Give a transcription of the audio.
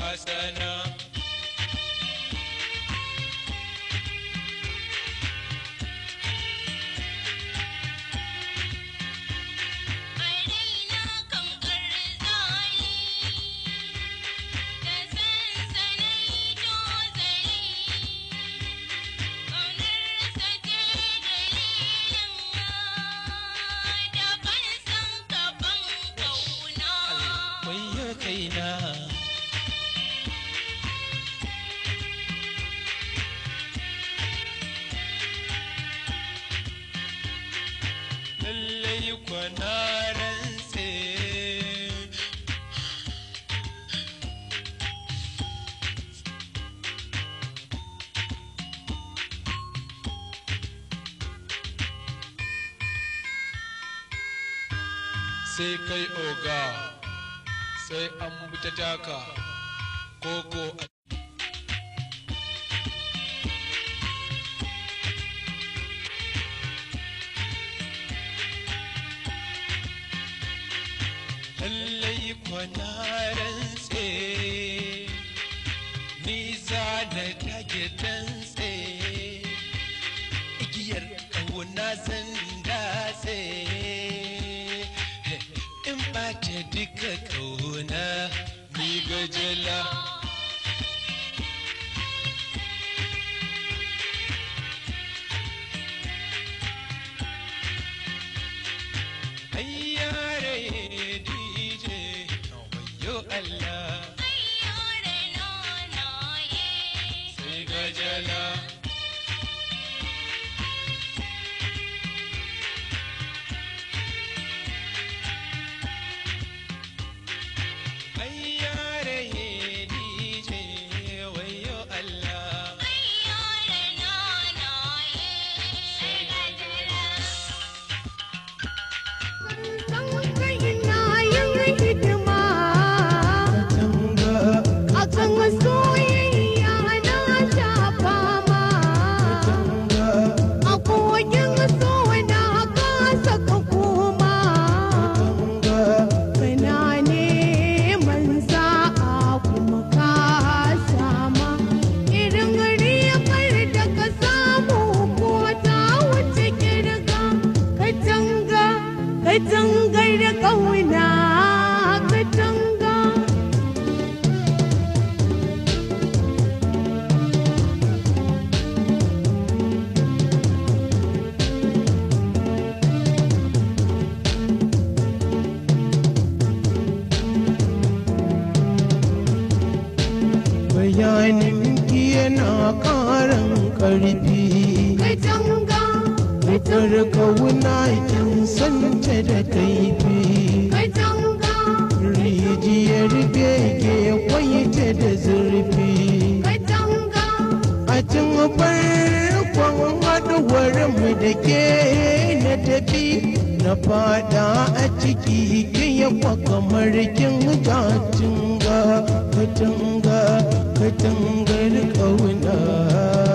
Hasan kwanaran kai oga sai amu bi koko lallai kwana rantse ni za na tage dantse igiyar ƙauna zan datse in ba ta duka ƙauna ni gajala Thank you. bayanin ki yana karan karfi katanga fitar kauna san santa da kaifi katanga rijiyar bege kwaita da zurfi a cin farkon haduwar mu da ke na tafi na fada a ciki kin yawa kamar kin jacin ka tangar kaunar